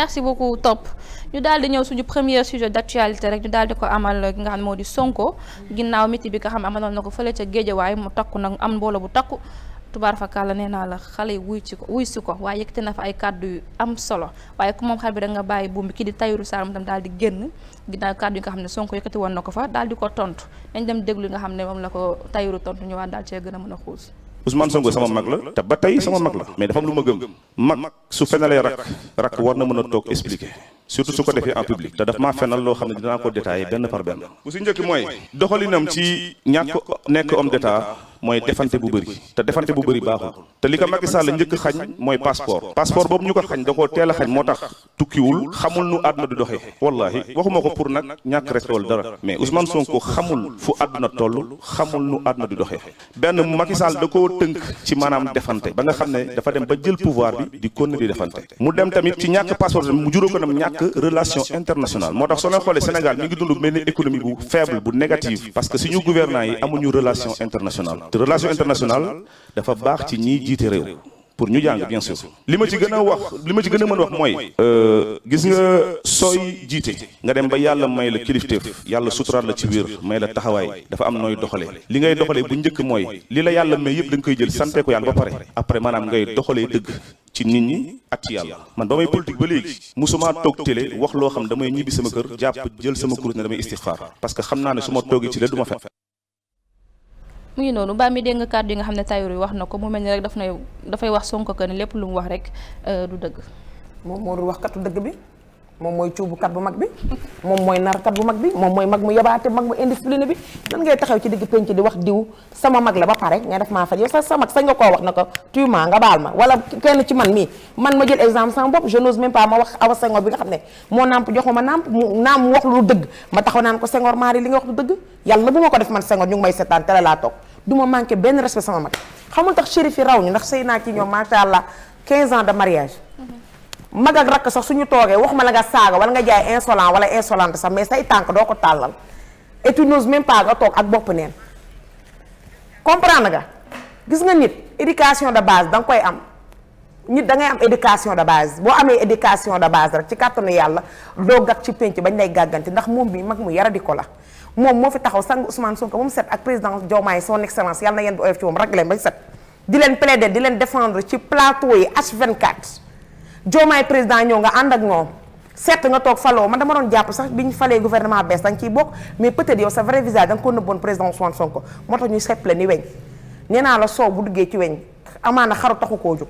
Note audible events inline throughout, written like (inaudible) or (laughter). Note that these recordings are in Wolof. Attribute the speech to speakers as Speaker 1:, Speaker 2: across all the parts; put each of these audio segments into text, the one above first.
Speaker 1: merci beaucoup topp ñu daal di ñëw suñu premier sujet d'actualité rek ñu daal di ko amal ki nga xam moo di Sonko ginnaaw miti bi nga xam amaloon na ko fële ca Géejawaay mu takku nag am mbooloo bu takku tubaar fakkaat la naa la xale wuy ci ko wuy si ko waaye yëkkati na fa ay kàddu am solo waaye ku moom xel bi da nga bàyyi buum kii di Tahirou Sarr moom tam daal di génn ginnaaw kàddu yi nga xam ne Sonko yëkkati woon na ko fa daal di ko tontu nañ dem déglu nga xam ne moom la ko Tahirou tontu ñëwaat dal cee gën a mën a xuus.
Speaker 2: Ousmane Sonko sama mag la te ba tey sama mag la mais dafa am lu ma gëm mag su fenalee rak rak war na mën a toog expliquer surtout su ko defee en public te daf maa fenal loo xam ne dinaa ko détaillé benn par benn bu si njëkk mooy doxalinam ci ñàkk nekk homme d'état mooy defante bu bëri te defante bu bëri baaxul te li ko Macky Sall njëkk xañ mooy passeport passeport boobu ñu ko xañ da koo teel a xañ moo tax tukkiwul xamul nu àdduna di doxee wallahi waxuma ko pour nag ñàkk respect dara mais Ousmane Sonko xamul fu àdduna toll xamul nu àdduna di doxee benn Macky da koo tënk ci maanaam defante ba nga xam ne dafa dem ba jël pouvoir bi di kon di defante mu dem tamit ci ñàkk passeport mu juróo ko nam ñàkk moo tax soo leen xoolee Sénégal mi ngi te relation internationale dafa baax ci ñiy jiite réew pour ñu jàng bien sûr li ma ci gën a wax li ma ci gën a mën wax mooy euh, gis nga sooy jiite nga dem ba yàlla may la kilifteef yàlla suturaat la ci biir may la taxawaay dafa am nooy doxale li ngay doxalee bu njëkk mooy li la yàlla may yëpp da nga koy jël sante ko yàlla ba pare après maanaam ngay doxalee dëgg ci nit ñi ak yàlla man ba may politique ba léegi musuma toog télé wax loo xam damay ñibbi sama kër ma toogee ci la
Speaker 1: mu ngi noonu mbaa mi dégg nga kàddu yi nga xam ne Tahirou wax na ko mu
Speaker 3: mel ni rek daf nay dafay wax sonk que ne lépp lu
Speaker 1: mu wax rek euh, du dëgg.
Speaker 3: moom moo dul wax katu dëgg bi. moom mooy kat bu mag bi moom mooy narkat bu mag bi moom mooy mag mu yabaate mag mu indiscipliné bi lan ngay taxaw ci digg penc di wax diw sama mag la ba pare nga def maa fat yow sa sa mag sañ nga koo wax na ko tu ma nga baal ma wala kenn ci man mii man ma jël exemple sama bopp je n'ose même pas ma wax awa Senghor bi nga xam ne moo nàmp joxu ma nàmp mu naam mu wax lu dëgg ma taxaw naan ko Senghor maari li nga wax lu dëgg yàlla bu ma ko def man Senghor ñu ngi laa toog du ma benn respect sama mag xamul tax chérif yi raw ñu ndax sëy naa ci ñoom macha allah 15 ans de mariage mag ak rakk sax suñu toogee waxuma la nga saaga wala nga jaay insolent wala insolente sax mais say tànk doo ko tàllal et tu n'oses même nga toog ak bopp neen comprendre nga gis nga nit éducation de base da nga koy am nit da ngay am éducation de base boo amee éducation de base rek ci kàttanu yàlla doo gàgg ci penc bañ lay gàggante ndax moom bi mag mu yaradi ko la moom moo fi taxaw sang Ousmane Sonko moom set ak président Diomaye son excellence yàlla leen bañ set di leen plaider ci plateau yi H24 Diomaye président ñëw nga ànd ak moom certes nga toog faloo man dama doon jàpp sax bi ñu falee gouvernement bees da nga ciy bokk mais peut-être yow sa vrai visage da nga ko nëbboon président Ousmane Sonko moo tax ñu sepp la ni weñ nee naa la soow bu duggee ci weñ amaana xaru taxu koo jóg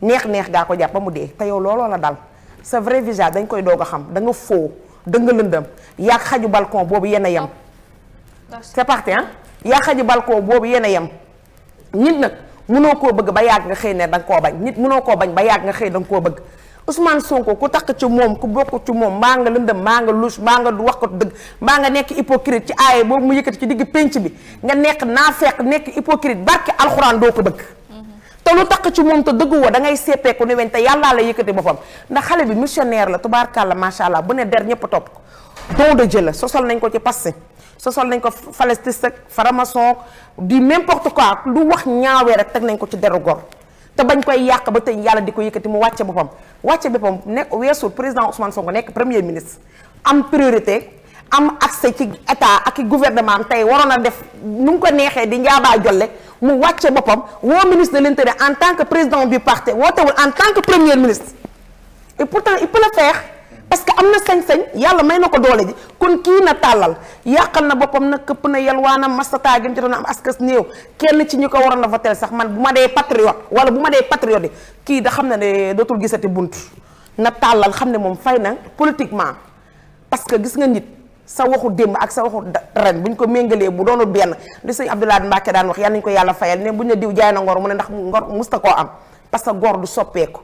Speaker 3: neex neex gaa ko jàpp ba mu dee te yow looloo la dal sa vrai visage dañ koy doog a xam da nga foo da nga lëndëm yaa xaju balcon boobu yéen a yem. Oh. c'est parti ah yaa xaju balcon boobu yéen a yem nit munoo koo bëgg ba yàgg nga xëy ne da koo bañ nit munoo koo bañ ba yàgg nga xëy da nga koo bëgg Ousmane Sonko ku takk ci moom ku bokk ci moom mbaa nga lëndëm mbaa nga louche mbaa nga wax ko dëgg mbaa nga nekk hypocrite ci aaye boobu mu yëkkati ci diggu pénc bi nga nekk naafeq nekk hypocrite barke alxuraan doo ko bëgg te lu takk ci moom te dëgg woo da ngay ko ni weñ te yàllaa la yëkkati boppam ndax xale bi missionnaire la tubaarkàlla macha allah bu ne der ñëpp topp ko don de Dieu la nañ ko ci passé sosol nañ ko falestiste ak faramason du n'importe quoi lu wax ñaawee rek teg nañ ko ci deru gor te bañ koy yàq ba teñ yàlla di ko yëkkati mu wàcce boppam wàcce boppam nekk weesul président Ousmane Sonko nekk premier ministre am priorité am accès ci état ak i gouvernement am tey waroon a def nu mu ko neexee di njaabaa jolle mu wàcce boppam woo ministre te l'intérieur en tant que président bi parti wootewul en tant que premier ministre et pourtant il peut le faire parce que am na sañ-sañ yàlla may na ko doole ji kon kii na tàllal yàqal na boppam na këpp na yalwaanam mastataa gi mu jotoon am askas néew kenn ci ñu ko waroon a votel sax man bu ma dee patriote wala bu ma dee patriote kii da xam ne dootul gisati bunt na tàllal xam ne moom fay na politiquement parce que gis nga nit sa waxu démb ak sa waxu ren bu ñu ko méngalee bu doonul benn li sëñ Abdoulaye Mbacke daan wax yal nañu ko yàlla fayal ne bu ñu diw jaay na ngor mu ne koo am parce que góor du soppeeku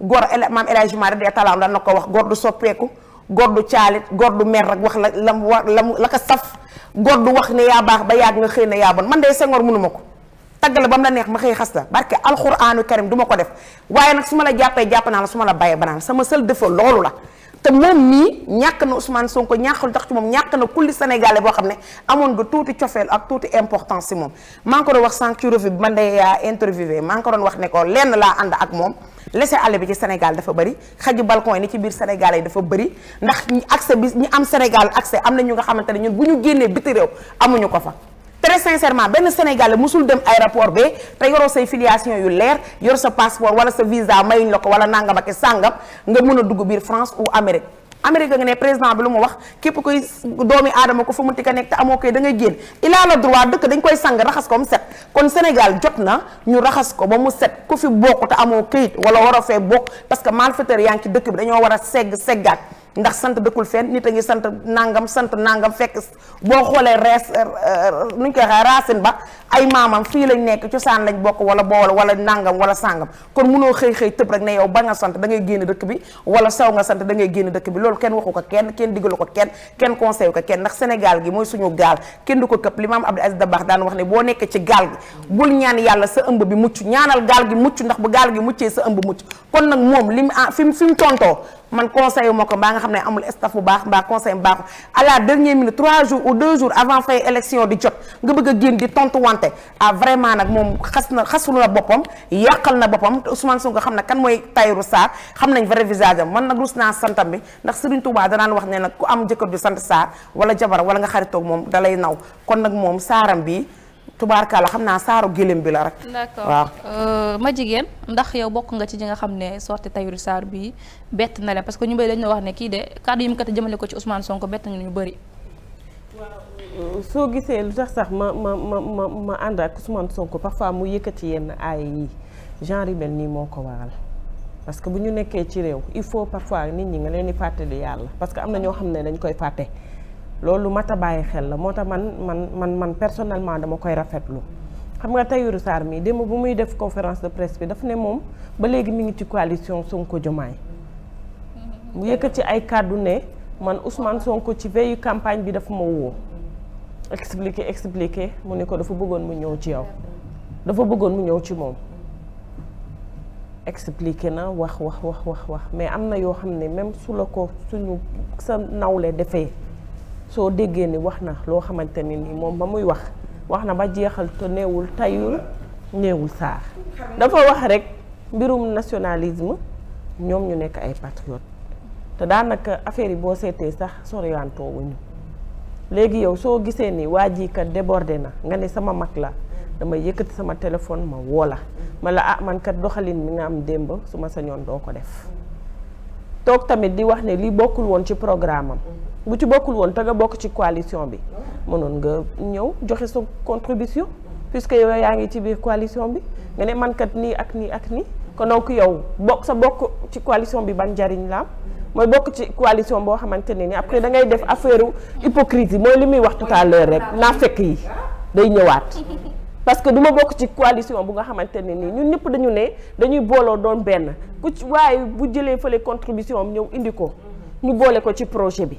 Speaker 3: góor maam El Hadji Malick dee talaam daan na ko wax góor du soppeeku gor du caalit góor du mer ak wax la lam wa lam la ko saf góor du wax ne yaa baax ba yaag nga xëy na yaa bon man de Senghor mënuma ko tagg la ba mu la neex ma xëy xas la barke alxuraanu karim du ma ko def waaye nag su ma la jàppee jàpp naa la su ma la bayee banaan sama seul défaut loolu la te moom mii ñàkk na Ousmane Sonko ñàkkul tax ci moom ñàkk na kulli sénégalais boo xam ne amoon nga tuuti cofeel ak tuuti importance si moom maa ngi ko doon wax sànq ci man de yaa maa ngi ko doon wax ne ko lenn laa ànd ak moom laisser aller bi ci Sénégal dafa bari xaj balcon yi ni ci biir Sénégal yi dafa bëri ndax accès bi ñi am Sénégal accès am na ñu nga xamante ne ñun bu ñu génnee biti réew amuñu ko fa très sincèrement benn Sénégalais mosul dem aéroport ba te yoroo say filiation yu leer yor sa passeport wala sa visa mayuñ la ko wala nangam sàngam nga mun a dugg biir France ou Amérique Amérique nga ne président bi lu mu wax képp kuy doomi aadama ko fu mu ti ka nekk te amoo koy da ngay génn il a le droit dëkk dañ koy sang raxas ko mu set kon Sénégal jot na ñu raxas ko ba mu set ku fi bokk te amoo këyit wala war a fee bokk parce que malfaiteur yaa ngi ci dëkk bi dañoo war a segg seggaat ndax sant dëkkul fenn nit a ngi sant nangam sant nangam fekk boo xoolee rees euh, euh, nuñ koy waxee racine ba ay maamam fii lañ nekk cosaan lañ bokk wala bool wala nangam wala sangam kon munoo xëy xëy tëb rek ne yow ba nga sant da ngay génn dëkk bi wala saw nga sant da ngay génn dëkk bi loolu kenn waxu ko kenn kenn digalu ko kenn kenn conseil ko kenn ndax Sénégal gi mooy suñu gaal kenn du ko këpp li maam Abdou Aziz Dabakh daan wax ne boo nekk ci gaal gi yàlla sa ëmb bi mucc ñaanal gaal gi mucc ndax bu gaal gi muccee sa ëmb mucc kon nag moom li ah, mu tontoo man conseil moo ko mbaa nga xam ne amul staff bu baax mbaa conseil bu baaxul à la dernière minute trois jours ou deux jours avant fay élection di jot nga bëgg a génn di tontu wante ah vraiment nag moom xas na xasul na boppam yàqal na boppam te Ousmane Sonko xam ne kan mooy Tahirou Sarr xam nañ vrai visage am man nag rus naa santam bi ndax Serigne Touba danaan wax nee nag ku am jëkkër ju sant Sarr wala jabar wala nga xaritoog moom dalay naw kon nag moom saaram bi tubaarkaala xam naa saaru gélém bi la rek.
Speaker 4: d'accord waaw.
Speaker 1: Euh, ma jigéen ndax yow bokk nga ci ñi nga xam ne sorti Tahirou saar bii bett na leen parce que ñu bëri dañu la wax ne kii de kàddu yi mu kat jëmale ko ci Ousmane Sonko bett nañu bari
Speaker 5: bëri. soo gisee lu tax sax ma ma ma ma ma ànd ak Ousmane Sonko parfois mu yëkkati yenn aay yi genre yu mel nii moo ko waral. parce que bu ñu nekkee ci réew il faut parfois nit ñi nga leen di fàttali yàlla parce que am na ñoo xam ne dañ koy fàtte. loolu mat a bàyyi xel la moo tax man man man man personnellement dama koy rafetlu xam nga Tahirou Sarr mi démb bu muy def conférence de presse bi dafa ne moom ba léegi mu ngi ci coalition Sonko Diomaye mu ci ay kàddu ne man Ousmane ko ci veille campagne bi dafa ma woo expliqué expliqué mu ne ko dafa bëggoon mu ñëw ci yow dafa bëggoon mu ñëw ci moom expliqué na wax wax wax wax wax mais am na yoo xam ne même su la ko suñu sa nawle defee soo déggee ni wax na loo xamante ne ni moom ba muy wax wax na ba jeexal te neewul tayul neewul saar dafa wax rek mbirum nationalisme ñoom ñu nekk ay patriote te daanaka affaire yi boo seetee sax soriwantoo wuñu léegi yow soo gisee ni waa ji kat débordé na nga ne sama mag la damay yëkkati sama téléphone ma woo la ma la ah man kat doxalin mi nga am démb su ma sañoon doo ko def toog tamit di wax ne li bokkul woon ci programme am bu ci bokkul woon te nga bokk ci coalition bi mënoon nga ñëw joxe sa contribution puisque yow yaa ngi ci biir coalition bi nga ne man kat nii ak nii ak nii kon donc yow bokk sa bokk ci coalition bi ban njariñ la am mooy bokk ci coalition boo xamante ne ni après da ngay def affaire hypocrisie mooy li muy wax tout à rek naa fekk yi day ñëwaat parce que du ma bokk ci coalition bu nga xamante ne nii ñun ñëpp dañu ne dañuy booloo doon benn ku ci waaye bu jëlee fële contribution am ñëw indi ko ñu boole ko ci projet bi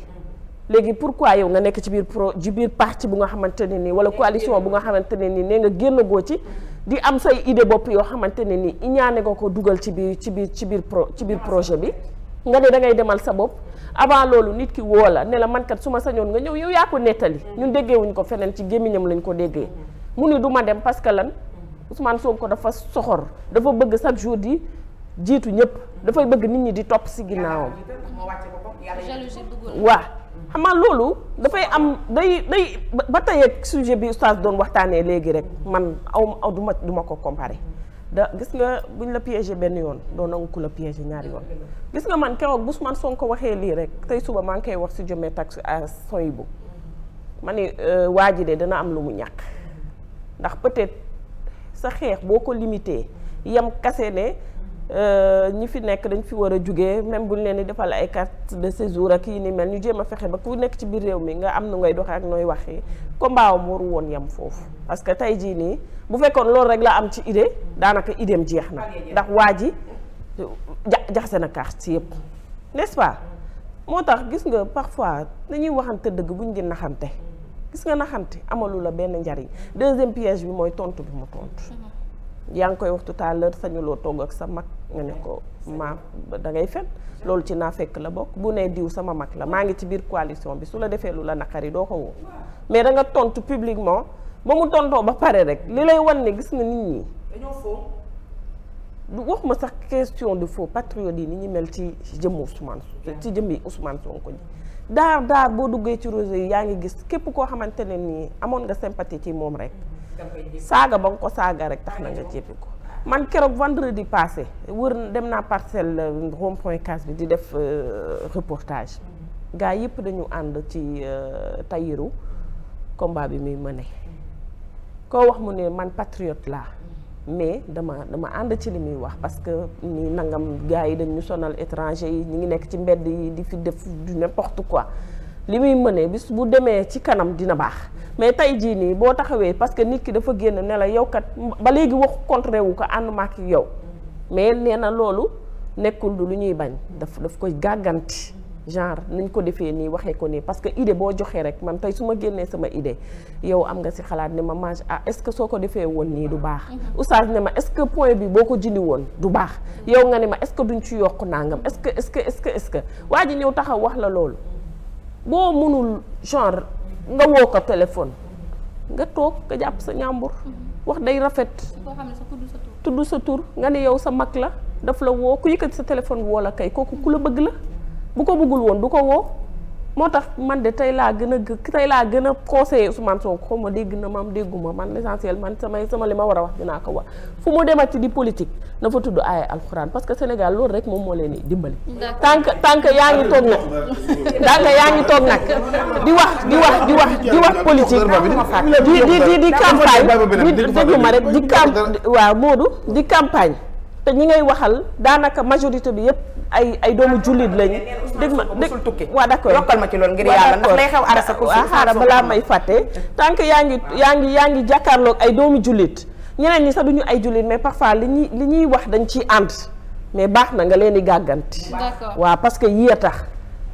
Speaker 5: léegi pourquoi yow nga nekk ci biir pro ci biir parti bu nga xamante ne nii wala coalition bu nga xamante ne nii nee nga génn goo ci di am say idée bopp yoo xamante ne nii iñaane nga ko dugal ci biir ci biir ci biir pro ci biir projet bi nga ne da ngay demal sa bopp avant loolu nit ki woo la ne la man kat su ma sañoon nga ñëw yow yaa ko nettali ñun déggeewuñ ko feneen ci gémmiñam lañ ko déggee mu ni du ma dem parce que lan Ousmane Sonko dafa soxor dafa bëgg chaque jour di jiitu ñëpp dafay bëgg nit ñi di topp si ginnaawam waa xam loolu dafay am day day ba tey ak sujet bi oustaz doon waxtaanee léegi rek man aw aw du ma ko comparé da gis nga buñ la piégé benn yoon doo nangu ku la piégé ñaari yoon gis nga man keroog bu su man Ousmane ko waxee lii rek tey suba maa ngi koy wax si jomee tax à soy bu ma ni euh, waa ji de dana am lu mu ñàkk ndax peut-être sa xeex boo ko limité yam kase ne Euh, ñi fi nekk dañ fi war a jugee même bu ñu leen di defal ay carte de séjour ak yi ni mel ñu jéem a fexe ba ku nekk ci biir réew mi nga am nu ngay doxee ak nooy waxe combat am waru woon yem foofu parce que tey jii nii bu fekkoon loolu rek la am ci idée daanaka idéem jeex na ndax waa ji ja jaxase na carte yëpp n'est-ce pas moo tax gis nga parfois dañuy waxante dëgg bu buñ di naxante gis nga naxante amalu la benn njariñ deuxième piège bi mooy tontu bi mu tontu. Mhm. yaa ngi koy wax tout sañuloo togg ak sa mag nga ne ko maa da ngay fen loolu ci naa fekk la bokk bu nee diw sama mag la maa ngi ci biir coalition bi su la defee lu la naqari doo ko woo mais da nga tontu publiquement ba mu tontoo ba pare rek li lay ne gis nga nit ñi dañoo faux wax ma sax question de faux patriote yi ni ñu mel ci jëmmu Ousmane ci jëmmi Ousmane Sonko ji daar daar boo duggee ci rose yi yaa ngi gis képp koo xamante ne nii amoon nga sympathie ci moom rek saaga ba nga ko saaga rek tax na nga jéppi ko man keroog vendredi passé wër dem naa parcelle euh, rond point cas bi di def euh, reportage mm-hmm. gaa yëpp dañu ànd ci euh, tayiru combat bi muy mëne mm-hmm. koo wax mu ne man patriote la mm-hmm. mais dama dama ànd ci li muy wax parce que ni nangam gars yi dañu sonal étranger yi ñu ngi nekk ci mbedd yi di fi def du n'importe quoi li muy mënee bis bu demee ci kanam dina baax mais tey jii nii boo taxawee parce que nit ki dafa génn ne la yow kat ba léegi waxu contraire wu ko ànd maak yow mais nee na loolu nekkul lu ñuy bañ daf daf koy gàgganti genre nañ ko defee nii waxee ko nii parce que idée boo joxee rek man tey su ma génnee sama idée yow am nga si xalaat ne ma mange ah est-ce que soo ko defee woon nii du baax oustaz ne ma est point bi boo ko jindi woon du baax yow nga ne ma est-ce que duñ ci yokk nangam est-ce que est-ce waa ji ñëw wax la loolu boo mënul genre nga woo ko téléphone nga toog nga jàpp sa ñàmbur wax day rafet tudd sa tur nga ne yow sa mag la daf la woo ku yëkkati sa téléphone woo la kay kooku ku la bëgg la bu ko bëggul woon du ko woo moo tax man de tey laa gën a tey laa gën a conseillé Ousmane Sonko xaw ma dégg na maam dégguma man l'essentiel man samay sama li ma war a wax dinaa ko wax fu mu demati di politique na fa tudd aaya alxuraan parce que Sénégal loolu rek moom moo leen di dimbali
Speaker 4: tant que tant que yaa ngi toog nag tant yaa ngi toog nag di wax di wax di wax di wax politique
Speaker 5: di di di di campagne di déglu ma rek di camp waaw Modou di campagne te ñi ngay waxal daanaka majorité bi yëpp ay ay doomu jullit lañu. Ah, dégg ma dégg waa waaw d'accord yokkal ma ci loolu ngir yàlla ndax lay ko xaaral balaa may fàtte tant que yaa ngi yaa ngi yaa ngi jàkkaarloog ay doomu jullit ñeneen ñi sax duñu ay jullit mais parfois li ñuy li ñuy wax dañ ciy ànd mais baax na nga leen di gàgganti waaw parce que yii a tax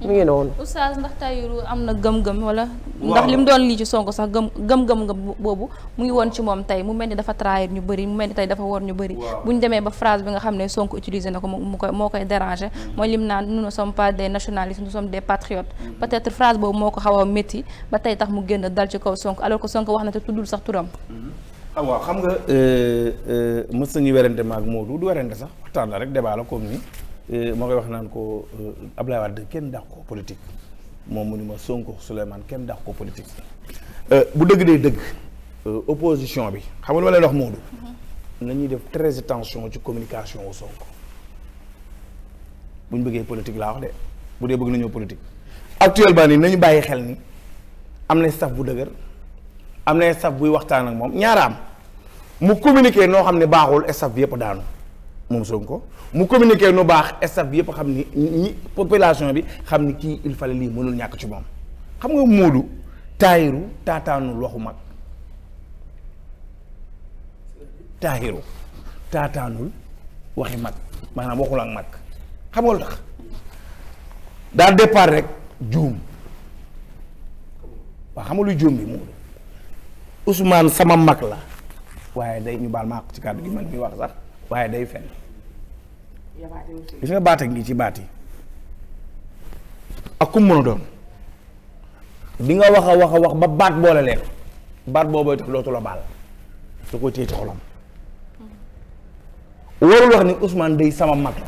Speaker 5: mu woon noonu.
Speaker 1: oustaz ndax Tahirou am na gëm-gëm wala. ndax li mu doon lii ci Sonko sax gëm gëm-gëm nga boobu mu ngi woon ci moom tey mu mel ni dafa trahir ñu bëri mu mel ni tey dafa wor ñu bëri. bu ñu demee ba phrase bi nga xam ne Sonko utilisé na ko mu koy moo koy déranger. Hmm. mooy lim naan nous ne sommes pas des nationalistes nous sommes des patriotes. Hmm. peut-être phrase boobu moo ko xaw a métti ba tey tax mu génn dal ci kaw Sonko alors que Sonko wax na te tuddul sax turam. Hmm.
Speaker 6: Ah, waaw xam nga euh, euh, mës nañu werante maag Modou du werante sax waxtaan la rek débat la comme ni Euh, moo koy wax naan ko euh, Ablaye Wade kenn dax ko politique moom mu ni ma Sonko Souleymane kenn dax ko politique euh, bu dëgg dee dëgg opposition bi xam nga lu ma leen wax Moodu mm-hmm. nañuy def très attention ci communication wu Sonko bu ñu bëggee politique laa wax de bu dee bëgg nañoo politique actuellement nii nañu bàyyi xel ni am na staff bu dëgër am na staff buy waxtaan ak moom ñaara am mu communiquer noo xam ne baaxul staff bi yëpp daanu moom ko mu communiqué nu baax staff bi yëpp xam ni ñi population bi xam ni kii il lii mënul ñàkk ci moom xam nga Moodu taayiru taataanul waxu mag taayiru taataanul waxi mag maanaam waxul ak mag xam nga lu tax rek juum waaw xam juum bi Moodu Ousmane sama mag la waaye day ñu baal ma ci kàddu gi man mi wax sax waaye day fen gis nga baat ngi ci baat yi ak ku mën a doon di nga wax a wax a wax ba baat boole leen baat booboo tax dootu la baal da koy téye ci xolam warul wax ni Ousmane day sama mag la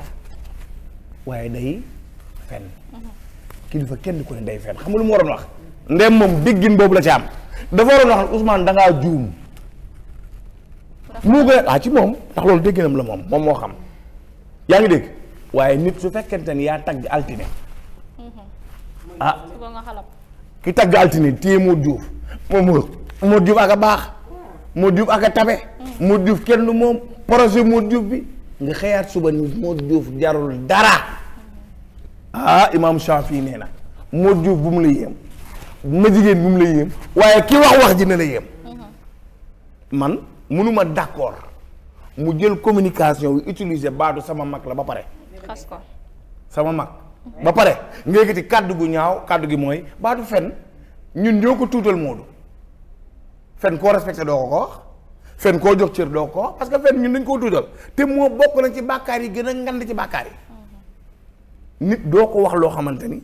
Speaker 6: waaye day fen kilifa kenn ko ne day fen xam nga lu mu waroon wax ndem moom déggin boobu la ci am dafa waroon wax ne Ousmane dangaa juum moo gën a ah ci moom ndax loolu dégganam la moom moom moo xam yaa ngi dégg waaye nit su fekkente ni yaa tagg altine mm-hmm. ah ki tagg altine téye moo juuf moom moo moo juuf ak a baax mm. moo juuf ak a tabe mm. moo juuf kenn moom projet moo juuf bi nga xëyaat suba ni moo juuf jarul dara mm-hmm. ah imaam Shafi nee na moo juuf bu mu la yéem ma jigéen bu mu la yéem waaye ki wax wax ji ne la yéem mm-hmm. man mënuma d'accord mu jël communication bi utiliser baatu sama mag la ba pare. xas sama mag. ba pare nga yëkkati kàddu gu ñaaw kàddu gi mooy baatu fen ñun ñoo ko tuutal Moodu fen koo respecté doo ko ko wax fen koo jox cër doo ko wax parce que fen ñun dañ koo tuutal te moo bokk na ci bàkkaar yi gën a ngand ci bàkkaar yi. nit doo ko wax loo xamante ni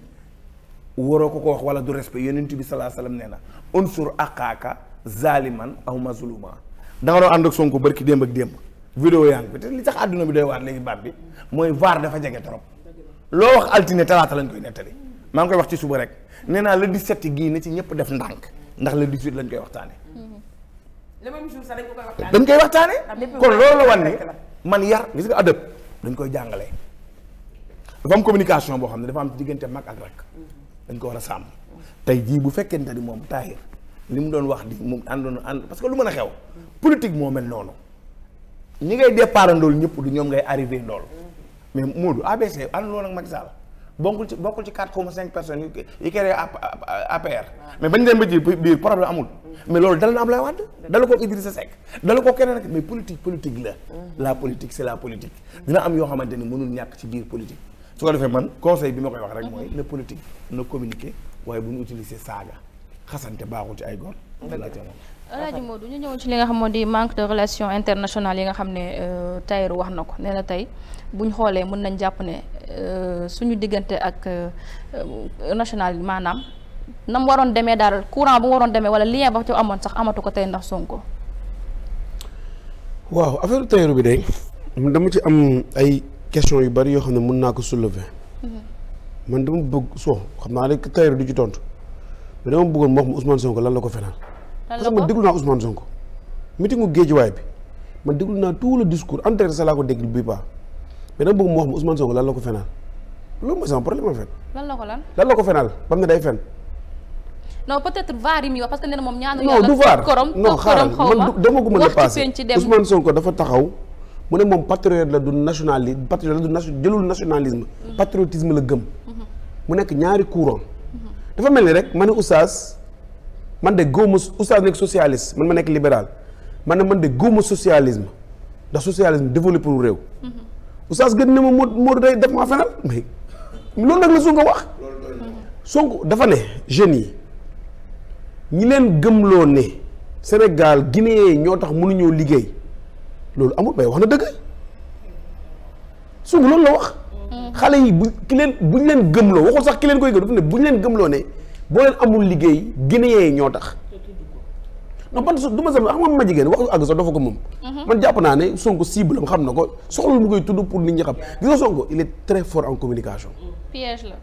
Speaker 6: waroo ko ko wax wala du respect yonent bi sallallahu alayhi wasallam nee na unsur akaaka zaliman aw mazluma da doon ànd ak Sonko barki démb ak démb vidéo yaa ngi te li tax àdduna bi doy waar léegi baat bi mooy vaar dafa jege trop loo wax altine talaata lañ koy nettali maa ngi koy wax ci suba rek nee naa le 17 gii na ci ñëpp def ndànk ndax le lañ koy waxtaane
Speaker 3: le même jour dañ koy waxtaane dañ koy waxtaane ah, kon loolu la wan ni
Speaker 6: man yar gis nga adab dañ koy jàngale dafa am communication boo xam ne dafa am diggante mag ak rak dañ ko war a sàmm tey jii bu fekkente ni moom taahir li mu doon wax di mu àndoon ànd parce que lu mën a xew politique moom mel noonu ñi ngay départ ndool ñëpp du ñoom ngay arrivé ndool mais Moodu ABC ànd loolu ak Macky Sall bokkul ci bokkul ci quatre comme cinq personnes yi créé APR ah. mais bañ dem ba ci biir problème amul loolu dal na Ablaye Wade dala ko Idrissa Seck dala ko keneen ak mais politique politique la mm. la politique c'est yoo xamante ni mënul ñàkk ci biir politique su ko defee man conseil bi ma koy wax rek mooy mm-hmm. na politique na communiquer waaye bu ñu utiliser saaga xasante baaxul ci ay góor laa
Speaker 1: moo Modou ñu ñëwoon ci li nga xam moo di manque de relations internationales yi nga xam ne euh, Tahirou wax na ko nee na tey buñ xoolee mën nañ jàpp ne euh, suñu diggante ak euh, national maanaam nam waroon demee daal courant bu waroon demee wala lien ba ci amoon sax amatu ko tey ndax Sonko
Speaker 6: waaw affaire Tahirou bi de dama ci am ay question yu bari yoo xam ne mun naa ko soulever mm-hmm. man dama bëgg soo xam naa ne Tahirou du ci tontu mais dama bëggoon mu wax ma Ousmane Sonko lan parce que man déglu naa Ousmane Sonko meetingu géejuwaay bi man déglu naa tout le discours entier sa laa ko déglu bii la ko fenal loolu mooy sama problème la ko lan lan la ko fenal bam ne day fen
Speaker 1: non peut-être vaar yi muy wax parce que nee na moom ñaanu
Speaker 6: yàlla. la paase Ousmane Sonko dafa taxaw. mu ne moom patriote la du nationali patriote la mm-hmm. gëm. Mm-hmm. mu nekk ñaari courant. Mm-hmm. dafa mel ni rek ma ne man de góob ma oustaz nekk nekk libéral man man de góob socialisme ndax socialisme développé pour réew. Mhm. oustaz gën na ma moo moo day def maa fenal mais loolu nag la Sonko wax. Sonko dafa ne jeunes yi ñi leen gëmloo ne Sénégal Guinée ñoo tax mënuñoo liggéey loolu amul bay wax na dëgg Sonko loolu la wax. Mhm. xale yi bu ki leen bu ñu leen gëmloo waxul sax ki leen koy gëm dafa bu ñu leen gëmloo ne. boo leen amul liggéey guinéen yi ñoo tax non man du ma xam nga ma jigéen wax ak sa dafa ko moom
Speaker 4: mhm. man jàpp naa
Speaker 6: ne Sonko cible am xam na ko soxlul mu koy tudd pour nit ñi xam gis nga il communication piège la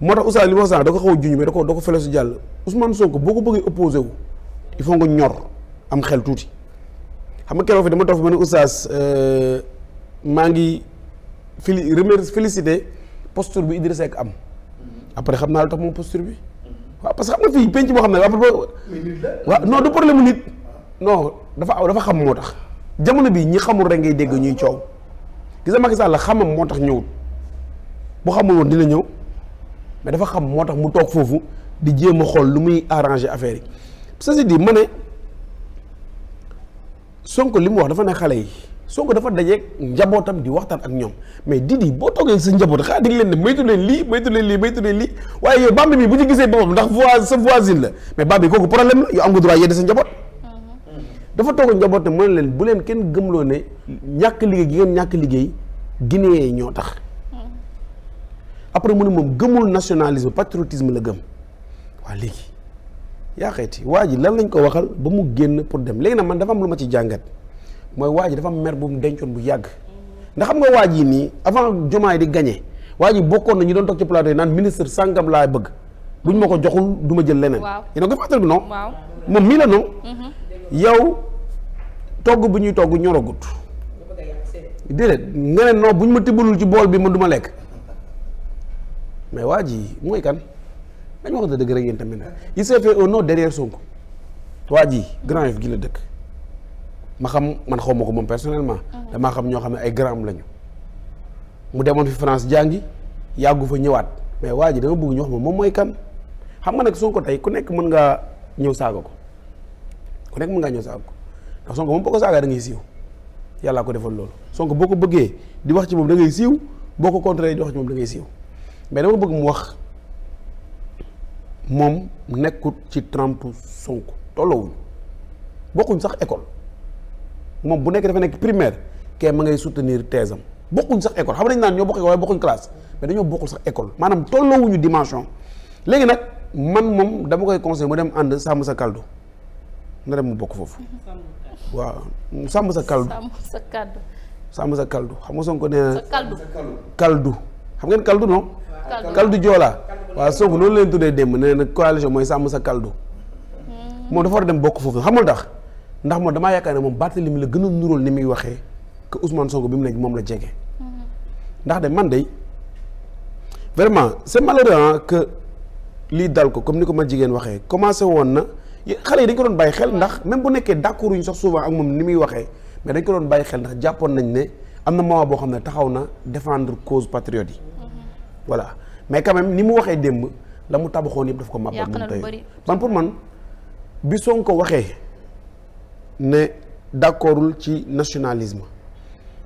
Speaker 6: moo tax li ma sax da ko xaw a juñ mais da ko da ko fele su jàll Ousmane Sonko boo ko bëggee opposé wu faut nga ñor am xel tuuti xam nga keroog fi dama toog ma ne Oustaz euh, maa ngi fili remercier félicité posture bi Idrissa Seck am mhm. après xam naa lu tax moom posture bi waaw parce que xam nga fii penc boo xam ne waaw non du problème nit non dafa aw dafa xam moo tax jamono bi ñi xamul rek ngay dégg ñuy coow gis nga Macky Sall la xamam moo tax ñëwul bu xamul woon dina ñëw mais dafa xam moo tax mu toog foofu di jéem a xool lu muy arranger affaire yi ceci di ma ne Sonko li mu wax dafa ne xale yi soo ko dafa dajeeg njabootam di waxtaan ak ñoom mais Didi boo toogee sa njaboot xaa di leen ne moytu leen lii moytu leen lii moytu leen lii waaye yow bambi bi bu ñu gisee boppam ndax voi sa voisine la mais bambi kooku problème la yow am nga droit yedde sa njaboot dafa toog njaboot ne mu leen bu leen kenn gëmloo ne ñàkk liggéey gi ngeen ñàkk liggéey Guinée ñoo tax après mu ne moom gëmul nationalisme patriotisme la gëm waa léegi yaa xeeti waa ji lan lañ ko waxal ba mu génn pour dem léegi nag man dafa am lu ma ci jàngat mooy waaj ji dafa mer bu mu dencoon bu yàgg ndax xam nga waa yi nii avant Diomaye di gagné waa ji bokkoon na ñu doon toog ci plateau yi naan ministre sàngam laa bëgg buñ ma ko joxul duma jël leneen. waaw yéen a ngi fàttali non.
Speaker 4: moom mii la non. Mhm.
Speaker 6: yow togg bu ñuy togg ñoragut. déedéet nga ne buñ ma tibbalul ci bool bi ma duma lekk mais waa ji mooy kan dañ ma wax dëgg rek yéen tamit il s'est fait un nom waa ji grand chef gi la dëkk. ma xam man xaw ma ko moom personnellement. Ah damaa xam ñoo xam ne ay grand lañu. mu demoon fi France jàngi yàggu fa ñëwaat mais waa ji dama bëgg ñu wax moom mooy kan xam nga nag Sonko tey ku nekk mën ngaa ñëw saaga ko ku nekk mën ngaa ñëw saaga ko ndax Sonko moom boo ko saagaa yàllaa ko defal loolu Sonko boo ko bëggee di ci moom da ngay boo ko contré di wax ci moom mais dama bëgg mu wax moom nekkut ci trempe Sonko tolloowuñu bokkuñ sax école. moom bu nekk dafa nekk primaire kee ma ngay soutenir thèse am bokkuñ sax école xam nañ naan ñoo bokk école waaye bokkuñ classe mais dañoo bokkul sax école maanaam tolloowuñu dimension léegi nag man moom dama koy conseil mu dem ànd sàmm sa kaldu na dem mu bokk foofu waaw sàmm sa kaldu sàmm sa kaldu xam nga Sonko nee na xam ngeen kaldu non kaldu joolaa waaw Sonko noonu leen tuddee démb nee na coalition mooy sàmm sa kaldu hmm. moom dafa war a dem bokk foofu xam nga tax ndax man damaa yaakaar ne moom Barthélemy la gën a nuróol ni muy waxee que Ousmane Sonko bi mu nekk moom la jege. ndax de man de vraiment c'est malheureux que lii dal ko comme ni ko ma jigéen waxee commencé woon na xale yi dañ ko doon bàyyi xel ndax même bu nekkee d'accord ñu sax souvent ak moom ni muy waxee mais dañ ko doon bàyyi xel ndax jàppoon nañ ne am na moment boo xam ne taxaw na défendre cause patriote yi. voilà mais quand ni mu waxee démb la mu tabaxoon yëpp daf ko màbbal. yàq na lu bëri man pour man bi waxee. ne d'accordul ci nationalisme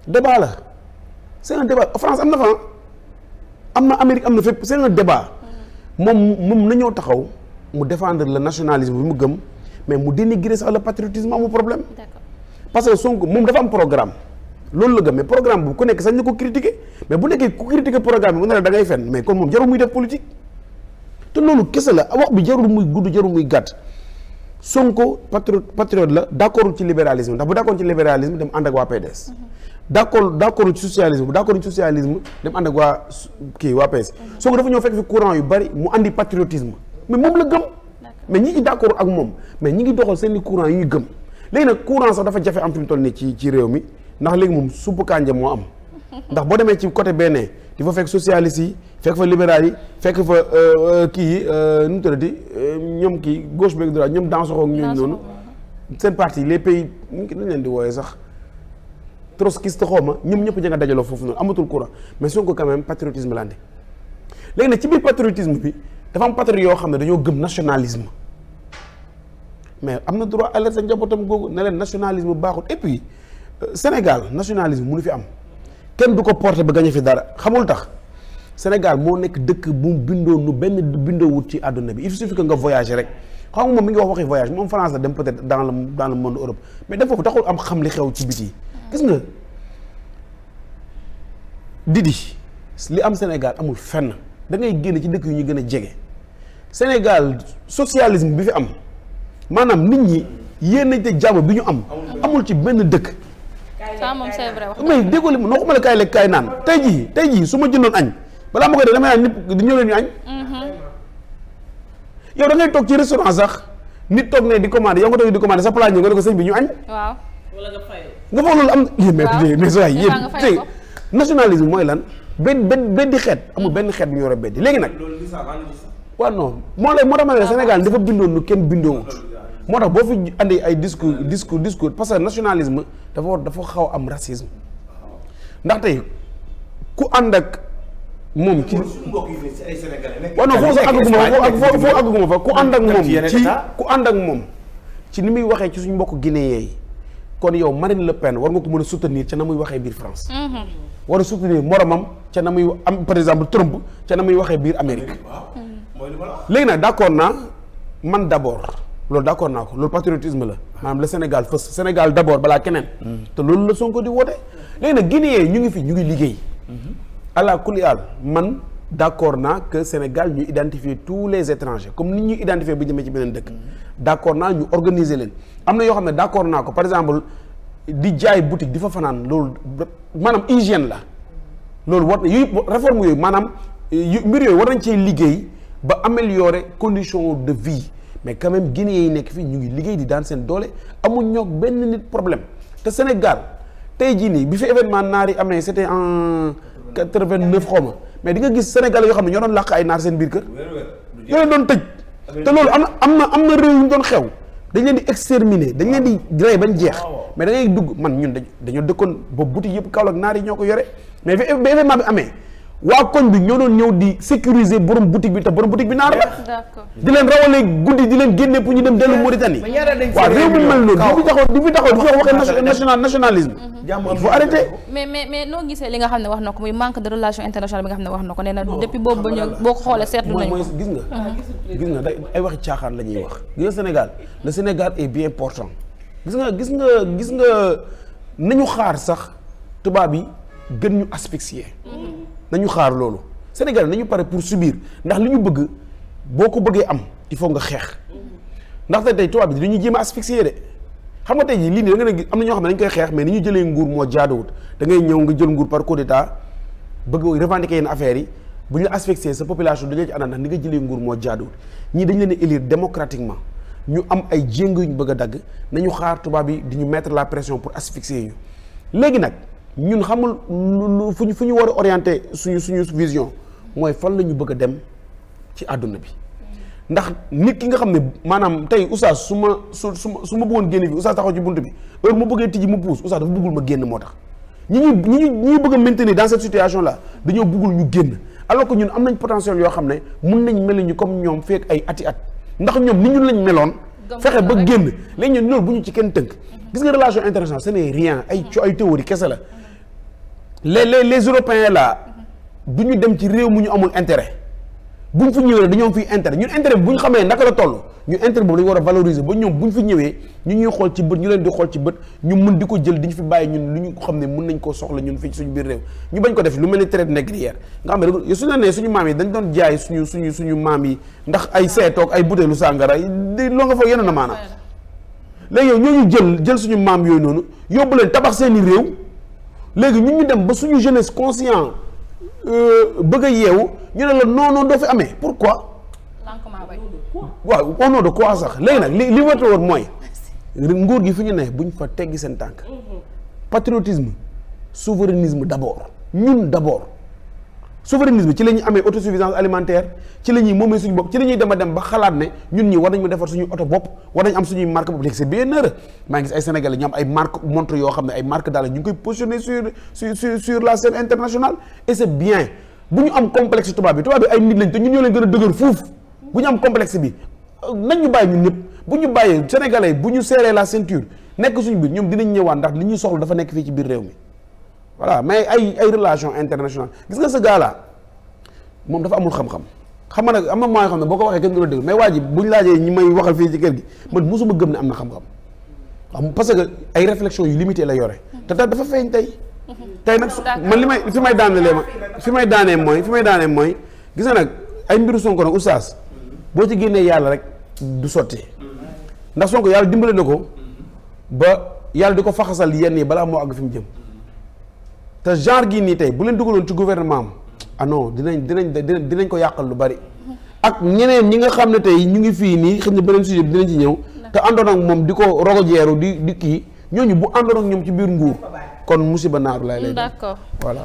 Speaker 6: débat la c'est un débat France am na fa am na Amérique am na fep seen un débat moom moom na ñoo taxaw mu défendre le nationalisme bi mu gëm mais mu dénigrer sax le patriotisme amul problème parce que Sonko moom dafa am programme loolu la gëm mais programme bu ku nekk sax ñu ko critiquer mais bu nekkee ku critiquer programme bi mu ne la ngay fen mais kon moom jarul muy def politique te loolu kese la awax bi jarul muy gudd jarul muy gàtt Sonko patriote patriote la d'accord ci libéralisme ndax bu d'accord ci libéralisme dem ànd ak waa PDS. Mhm. d'accord d'accord ci socialisme bu d'accord ci socialisme dem ànd ak waa kii waa PS. Mhm. Sonko dafa ñëw fekk fi courant yu bari mu andi patriotisme mais moom la gëm. mais ñi ngi d'accord ak moom mais ñi ngi doxal seen i courant yi ñu gëm léegi nag courant sax dafa jafe am fi mu toll nii ci ci réew mi ndax léegi moom supp kànja moo am (laughs) ndax boo demee ci côté benn. di fa fekk socialiste yi fekk fa libéral yi fekk fa euh, euh, kii yi euh, nu mu tuddati ñoom kii gauche beeg droite ñoom Dansokho ak ñooñu seen parti les pays nu leen di wooyee sax trotskiste xaw ma ñoom ñëpp nga dajaloo foofu noonu amatul courant mais Sonko quand même patriotisme la andi léegi nag ci biir patriotisme bi dafa am patriote yoo xam ne dañoo gëm nationalisme mais am na droit alerte sa njabootam googu ne leen nationalisme baaxul et puis Sénégal mu mënu fi am. kenn du ko porté bi gañe fi dara xamul tax Sénégal moo nekk dëkk bu bindoo nu benn bindoo wut ci àdduna bi il suffit que nga voyager rek xam nga moom mi ngi wax waxi voyage moom France la dem peut-être dans le dans mais dem foofu am xam li xew ci biti gis nga Didi li am Sénégal amul fenn da ngay génn ci dëkk yu ñu gën a jege Sénégal socialisme bi fi am maanaam nit ñi yéen nañ te bi ñu am amul ci benn dëkk
Speaker 1: ça moom c'est vrai wax mais déggoo
Speaker 6: li ma waxuma tey jii tey jii su ma jëndoon añ balaa ma koy def damay naan nit di ñëw leen ñu añ mm-hmm. yow da ngay nit toog ne di commandé yow nga toog di commandé sa plat ñëw nga ne ko sëñ bi ñu añ waaw wala am yé eh, mais mais mooy lan benn benn benn xeet amul mm-hmm. benn xeet bu ñu war a beddi léegi nag moo lay moo tax ma ne Sénégal dafa bindoon lu kenn bindoo moo tax boo fi andi ay discours discours discours parce que nationalisme dafa war dafa xaw am racisme ndax tey ku ànd ak moom ci waaw non foofu sax àgguma foofu foofu ku ànd ak moom ci ku ànd ak moom ci ni muy waxee ci suñu mbokk guinéen yi kon yow Marine Le Pen war nga ko mën a soutenir ca na muy waxee biir France mhm. war a soutenir moromam ca na muy am par exemple Trump ca na muy waxee biir Amérique léegi nag d'accord naa man d'abord loolu d'accord naa ko loolu patriotisme la maanaam le Sénégal fës Sénégal d'abord balaa keneen te loolu la Sonko di woote léegi nag ñu ngi fi ñu ngi liggéey àla kulli àll man d'accord naa que Sénégal ñu identifier tous les étrangers comme ni ñuy identifier bu jëmee ci beneen dëkk d'accord naa ñu organiser leen am na yoo xam ne d'accord naa ko par exemple di jaay boutique di fa fanaan loolu maanaam hygiène la loolu war na yooyu réforme yooyu maanaam mbir war nañ cee liggéey ba améliorer condition de vie mais quand même Guinéen yi nekk fii ñu ngi liggéey di daan seen doole amuñ ñoog benn nit problème te Sénégal tey jii nii bi fi événement naar yi amee c'était en quatre-vingt-neuf xaw ma mais di nga gis Sénégal yoo xam ne ñoo doon làq ay naar seen biir kër ñoo doon tëj te loolu am am na am na réew yu ñu doon xew dañ leen di exterminer dañ leen di rey bañ jeex mais da ngay dugg man ñun dañoo dëkkoon ba boutique yëpp Kaolack naar yi ñoo ko yore mais bi événement bi amee waa koñ bi ñoo doon ñëw di sécuriser borom boutique bi te borom boutique bi naar la di leen rawalee guddi di leen génne pour ñu dem dellu Mauritanie waaw réew mu mel noonu di fi taxaw di fi
Speaker 4: mais
Speaker 1: mais noo gisee li nga xam ne wax na ko muy manque de relation internationale bi nga xam ne wax na ko nee na depuis boobu ba ñëw boo ko xoolee seetlu
Speaker 6: nañu mooy gis nga ah, gis nga day ay gis nga gis nga gis nga nañu xaar sax tubaab yi gën ñu asphyxier mm-hmm. nañu xaar loolu Sénégal nañu pare pour subir ndax li ñu bëgg boo ko bëggee am il faut nga xeex ndax tey tubaab bi dañuy jéem a asphyxier de xam nga tey jii lii nii da am na ñoo xam ne dañ koy xeex mais ni jëlee nguur moo jaaduwut da ngay ñëw nga jël nguur par coup d'état bëgg revendiquer yenn affaires yi bu ñu la asphyxier sa population dañoo ci ànd ndax ni nga jëlee nguur moo jaaduwut ñii dañ leen a élire démocratiquement ñu am ay jéng yu ñu bëgg a dagg nañu xaar tubaab yi di ñu mettre la pression pour asphyxier ñu léegi nag ñun xamul lu fu ñu fu ñu war a orienté suñu suñu vision mooy fan la ñu bëgg a dem ci àdduna bi ndax nit ki nga xam ne maanaam tey oustaz su ma su su su ma bëggoon génn bi sa taxaw ci bunt bi heure mu bëggee tijji mu puus oustaz dafa bëggul ma génn moo tax ñi ñuy ñi ñu bëgg a maintenir dans cette situation la dañoo bëggul ñu génn alors que ñun am nañ potentiel yoo xam ne mun nañ mel ñu comme ñoom feek ay ati at ndax ñoom ni ñun lañ meloon fexe ba génn léegi ñun loolu bu ñu ci kenn tënk gis nga relation internationale ce n'est rien ay ay théorie kese la les les les européens là du ñu dem ci réew mu ñu amul intérêt buñ fi ñëwee dañoo fi intérêt ñun intérêt bi bu ñu xamee naka la toll ñu intérêt boobu dañu war a valoriser ba ñoom bu ñu fi ñëwee ñu ñuy xool ci bët ñu leen di xool ci bët ñu mën di ko jël di ñu fi bàyyi ñun lu ñu xam ne mën nañ koo soxla ñun fii ci suñu biir réew ñu bañ ko def lu mel ni traite négrière nga xam ne suñu nee suñu maam yi dañ doon jaay suñu suñu suñu maam yi ndax ay seetoog ay butéelu sàngara di loo nga foog yenn na maanaam léegi yow ñooñu jël jël suñu maam yooyu noonu yóbbu leen tabax seeni réew léegi ñu ñu dem ba suñu jeunesse conscient Euh, bëgg a yeewu ñu ne la non non doo fi amee pourquoi. waaw au nom de quoi sax léegi nag li li wata woon mooy nguur gi fi ñu ne buñ ko teggi seen tànk mm-hmm. patriotisme souverainisme d'abord ñun d'abord souverainisme ci la ñuy amee autosuffisance alimentaire ci la ñuy moomee suñu bopp ci la ñuy dem a dem ba xalaat ne ñun ñi war nañu defar suñu oto bopp war nañu am suñuy marque bopp léegi c'est bien heureux maa ngi ne ay marque daal ñu ngi koy positionner et c'est bien bu ñu am complexe tubaab bi tubaab bi ay nit lañ te ñun ñoo leen gën a dëgër fuuf bu ñu am complexe bi nañ bàyyi ñun ñëpp bu ñu bàyyee sénégalais bu ñu serré la ceinture nekk suñu biir ñoom dinañ ñëwaat ndax li ñuy soxla dafa nekk fii ci biir réew mi voilà mais ay ay relations internationales gis nga sa gaalaa là moom dafa amul xam-xam xam nga nag am na mooy xam ne boo ko waxee kenn du la déglu mais waa ji bu ñu laajee ñi may waxal fii ci kër gi man mosuma gëm ne am na xam-xam waaw parce que ay réflexions yu limité la yore te dafa feeñ tey
Speaker 4: tey nag man li may fi may daanelee ma fi may daanee
Speaker 6: mooy fi may daanee mooy gis nga nag ay mbiru Sonko nag oustaz boo ci génnee yàlla rek du sotti ndax Sonko yàlla dimbale na ko ba yàlla di ko faxasal yenn yi balaa moo àgg fi mu jëm te genre gii nii tey bu leen dugaloon ci gouvernement am ah dinañ dinañ dinañ dinañ ko yàqal lu bari. ak ñeneen ñi nga xam ne tey ñu ngi fii nii xam ne beneen sujet bi dinañ ci ñëw. te àndoon ak moom di ko rogojeeru di di kii ñooñu bu àndoon ñoom ci biir nguur. kon musiba naar lay lay. d'accord voilà.